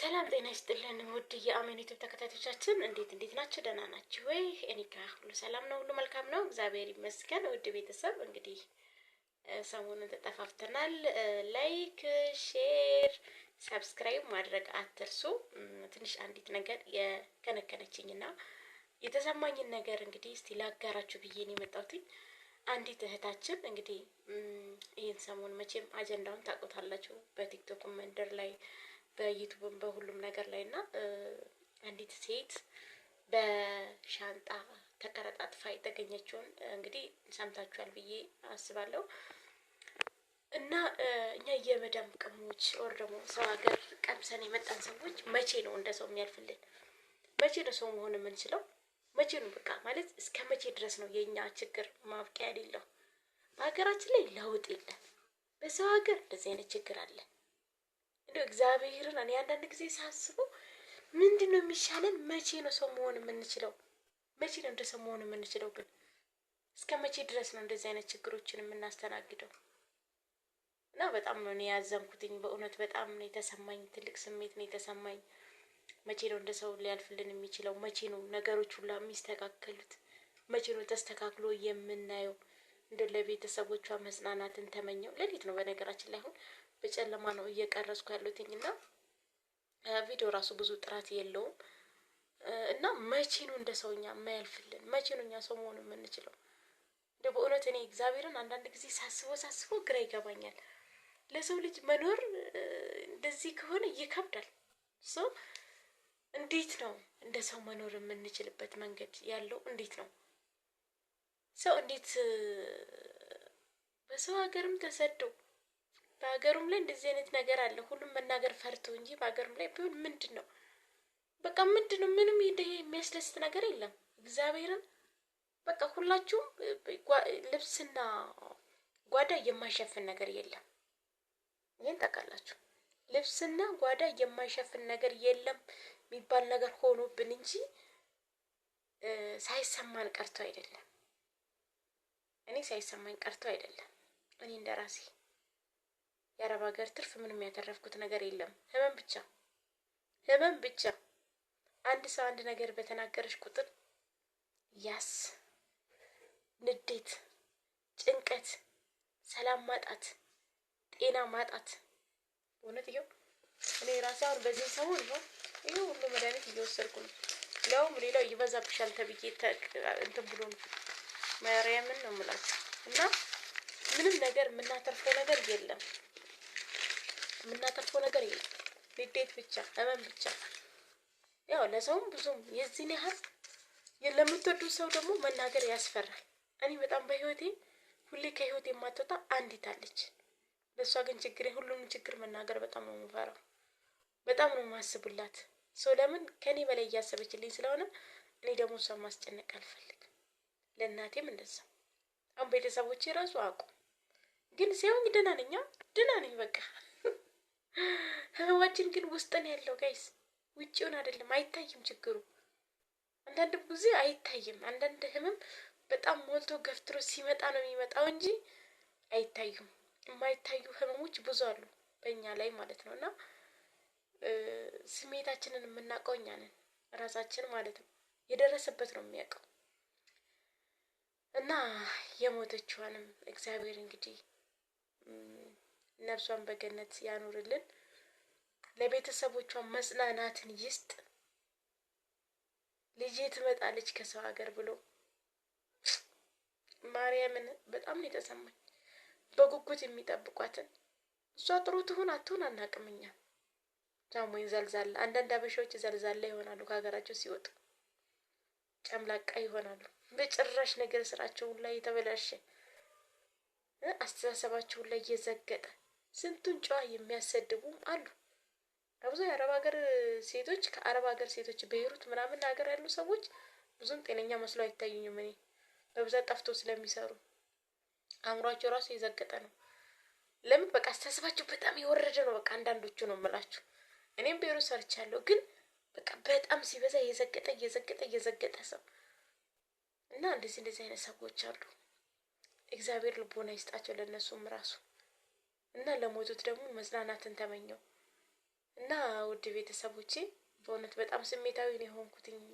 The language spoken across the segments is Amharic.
ሰላም ጤና ይስጥልን ውድ የአሜን ዩቲብ ተከታዮቻችን፣ እንዴት እንዴት ናቸው? ደህና ናችሁ ወይ? እኔ ጋ ሁሉ ሰላም ነው፣ ሁሉ መልካም ነው፣ እግዚአብሔር ይመስገን። ውድ ቤተሰብ እንግዲህ ሰሞኑን ተጠፋፍተናል። ላይክ፣ ሼር፣ ሰብስክራይብ ማድረግ አትርሱ። ትንሽ አንዲት ነገር የከነከነችኝና የተሰማኝን ነገር እንግዲህ እስቲ ላጋራችሁ ብዬ ነው የመጣሁትኝ። አንዲት እህታችን እንግዲህ ይህን ሰሞን መቼም አጀንዳውን ታውቁታላችሁ በቲክቶክ መንደር ላይ በዩቱብም በሁሉም ነገር ላይ እና አንዲት ሴት በሻንጣ ተቀረጣጥፋ የተገኘችውን እንግዲህ ሰምታችኋል ብዬ አስባለሁ። እና እኛ የመዳም ቅሞች ወር ደግሞ ሰው ሀገር ቀምሰን የመጣን ሰዎች መቼ ነው እንደ ሰው የሚያልፍልን? መቼ ነው ሰው መሆን የምንችለው? መቼ ነው በቃ ማለት እስከ መቼ ድረስ ነው የእኛ ችግር ማብቂያ የሌለው? በሀገራችን ላይ ለውጥ የለም። በሰው ሀገር እንደዚህ አይነት ችግር አለ። እንደ እግዚአብሔርን እኔ አንዳንድ ጊዜ ሳስበው ምንድን ነው የሚሻለን? መቼ ነው ሰው መሆን የምንችለው? መቼ ነው እንደ ሰው መሆን የምንችለው? ግን እስከ መቼ ድረስ ነው እንደዚህ አይነት ችግሮችን የምናስተናግደው? እና በጣም ነው እኔ ያዘንኩትኝ በእውነት በጣም ነው የተሰማኝ። ትልቅ ስሜት ነው የተሰማኝ። መቼ ነው እንደ ሰው ሊያልፍልን የሚችለው? መቼ ነው ነገሮች ሁላ የሚስተካከሉት? መቼ ነው ተስተካክሎ የምናየው? እንደ ለቤተሰቦቿ መጽናናትን ተመኘው። ሌሊት ነው በነገራችን ላይ አሁን በጨለማ ነው እየቀረጽኩ ያሉትኝ እና ቪዲዮ ራሱ ብዙ ጥራት የለውም እና መቼ ነው እንደ ሰው እኛ የማያልፍልን? መቼ ነው እኛ ሰው መሆኑ የምንችለው? እንደ በእውነት እኔ እግዚአብሔርን አንዳንድ ጊዜ ሳስቦ ሳስቦ ግራ ይገባኛል። ለሰው ልጅ መኖር እንደዚህ ከሆነ ይከብዳል። ሰው እንዴት ነው እንደ ሰው መኖር የምንችልበት መንገድ ያለው እንዴት ነው? ሰው እንዴት በሰው ሀገርም ተሰዶ በሀገሩም ላይ እንደዚህ አይነት ነገር አለ። ሁሉም መናገር ፈርቶ እንጂ በሀገሩም ላይ ቢሆን ምንድን ነው በቃ ምንድን ነው ምንም የሚያስደስት ነገር የለም። እግዚአብሔርን በቃ ሁላችሁም ልብስና ጓዳ የማይሸፍን ነገር የለም። ይህን ታውቃላችሁ። ልብስና ጓዳ የማይሸፍን ነገር የለም የሚባል ነገር ሆኖብን እንጂ ሳይሰማን ቀርቶ አይደለም። እኔ ሳይሰማኝ ቀርቶ አይደለም። እኔ እንደ ራሴ የአረብ ሀገር ትርፍ ምንም ያተረፍኩት ነገር የለም፣ ህመም ብቻ፣ ህመም ብቻ። አንድ ሰው አንድ ነገር በተናገረች ቁጥር ያስ ንዴት፣ ጭንቀት፣ ሰላም ማጣት፣ ጤና ማጣት። እውነት ይኸው እኔ ራሴ አሁን በዚህ ሰሞን ይሆን ይሄ ሁሉ መድኃኒት እየወሰድኩ ነው። ለውም ሌላው ይበዛብሻል ተብዬ እንትን ብሎ ነው ማርያምን ነው የምላችሁ እና ምንም ነገር የምናተርፈው ነገር የለም። የምናተርፈው ነገር የለም። ንዴት ብቻ፣ እመን ብቻ። ያው ለሰውም ብዙም የዚህን ያህል ለምትወዱት ሰው ደግሞ መናገር ያስፈራል። እኔ በጣም በህይወቴ ሁሌ ከህይወቴ የማትወጣ አንዲት አለች። ለእሷ ግን ችግሬ ሁሉም ችግር መናገር በጣም ነው የምፈራው። በጣም ነው የማስቡላት ሰው ለምን ከኔ በላይ እያሰበችልኝ ስለሆነ እኔ ደግሞ እሷ ማስጨነቅ አልፈልግም። ለእናቴም እንደዛ። አሁን ቤተሰቦች ራሱ አውቁ፣ ግን ሲያዩኝ ደህና ነኝ ደህና ነኝ በቃ። ህመማችን ግን ውስጥን ያለው ጋይስ፣ ውጭውን አይደለም አይታይም ችግሩ። አንዳንድ ጊዜ አይታይም። አንዳንድ ህመም በጣም ሞልቶ ገፍትሮ ሲመጣ ነው የሚመጣው እንጂ አይታዩም። የማይታዩ ህመሞች ብዙ አሉ በእኛ ላይ ማለት ነው። እና ስሜታችንን የምናውቀው እኛ ነን ራሳችን ማለት ነው። የደረሰበት ነው የሚያውቀው። እና የሞተችዋንም እግዚአብሔር እንግዲህ ነፍሷን በገነት ያኑርልን፣ ለቤተሰቦቿን መጽናናትን ይስጥ። ልጄ ትመጣለች ከሰው ሀገር ብሎ ማርያምን በጣም ነው የተሰማኝ። በጉጉት የሚጠብቋትን እሷ ጥሩ ትሁን አትሁን አናቅምኛ። ዛሙኝ ዘልዛላ አንዳንድ አበሻዎች ዘልዛላ ይሆናሉ ከሀገራቸው ሲወጡ ጨምላቃ ይሆናሉ። በጭራሽ ነገር ስራቸውን ላይ የተበላሸ አስተሳሰባቸውን ላይ እየዘገጠ ስንቱን ጨዋ የሚያሰድቡም አሉ። ብዙ የአረብ ሀገር ሴቶች ከአረብ ሀገር ሴቶች በሄሩት ምናምን ሀገር ያሉ ሰዎች ብዙም ጤነኛ መስሎ አይታዩኝም። እኔ በብዛት ጠፍቶ ስለሚሰሩ አእምሯቸው ራሱ የዘገጠ ነው። ለምን በቃ አስተሳሰባቸው በጣም የወረደ ነው። በቃ አንዳንዶቹ ነው የምላችሁ። እኔም ሰርቻ ሰርቻለሁ ግን በቃ በጣም ሲበዛ እየዘገጠ እየዘገጠ እየዘገጠ ሰው እና እንደዚህ እንደዚህ አይነት ሰዎች አሉ። እግዚአብሔር ልቦና ይስጣቸው ለእነሱም ራሱ እና ለሞቱት ደግሞ መጽናናትን ተመኘው እና ውድ ቤተሰቦቼ በእውነት በጣም ስሜታዊ ነው የሆንኩትኝ።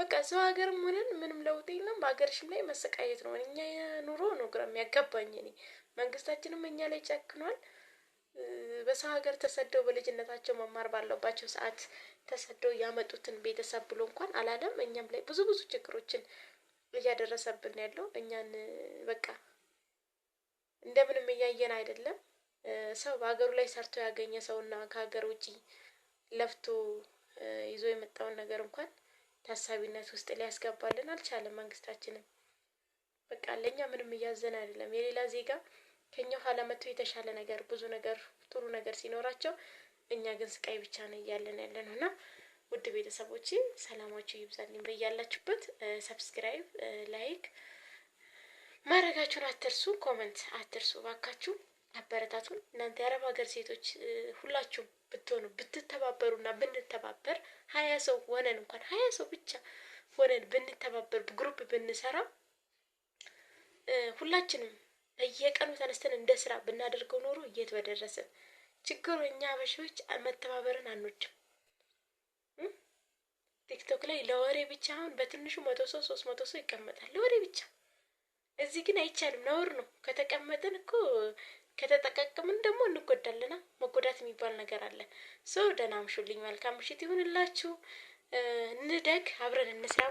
በቃ ሰው ሀገርም ሆነን ምንም ለውጥ የለም። በሀገርሽም ላይ መሰቃየት ነው። እኛ ኑሮ ነው ግራ የሚያጋባኝ እኔ መንግስታችንም እኛ ላይ ጨክኗል። በሰው ሀገር ተሰደው በልጅነታቸው መማር ባለባቸው ሰዓት ተሰደው ያመጡትን ቤተሰብ ብሎ እንኳን አላለም። እኛም ላይ ብዙ ብዙ ችግሮችን እያደረሰብን ያለው እኛን በቃ እንደምንም እያየን አይደለም። ሰው በሀገሩ ላይ ሰርቶ ያገኘ ሰውና ከሀገር ውጪ ለፍቶ ይዞ የመጣውን ነገር እንኳን ታሳቢነት ውስጥ ሊያስገባልን አልቻለም። መንግስታችንም በቃ ለእኛ ምንም እያዘን አይደለም። የሌላ ዜጋ ከኛው ኋላ መጥቶ የተሻለ ነገር ብዙ ነገር ጥሩ ነገር ሲኖራቸው፣ እኛ ግን ስቃይ ብቻ ነው እያለን ያለ ነው እና ውድ ቤተሰቦች ሰላማችሁ ይብዛልኝ በያላችሁበት። ሰብስክራይብ፣ ላይክ ማድረጋችሁን አትርሱ፣ ኮመንት አትርሱ ባካችሁ። አበረታቱን። እናንተ የአረብ ሀገር ሴቶች ሁላችሁም ብትሆኑ ብትተባበሩና ብንተባበር ሀያ ሰው ሆነን እንኳን ሀያ ሰው ብቻ ሆነን ብንተባበር ግሩፕ ብንሰራ ሁላችንም እየቀኑ ተነስተን እንደ ስራ ብናደርገው ኖሮ የት በደረስን። ችግሩ እኛ አበሾች መተባበርን አንወድም። ቲክቶክ ላይ ለወሬ ብቻ አሁን በትንሹ መቶ ሰው ሶስት መቶ ሰው ይቀመጣል ለወሬ ብቻ። እዚህ ግን አይቻልም፣ ነውር ነው። ከተቀመጥን እኮ ከተጠቀቅምን ደግሞ እንጎዳለና መጎዳት የሚባል ነገር አለ። ሰው ደህና አምሹልኝ፣ መልካም ምሽት ይሁንላችሁ። እንደግ፣ አብረን እንስራ።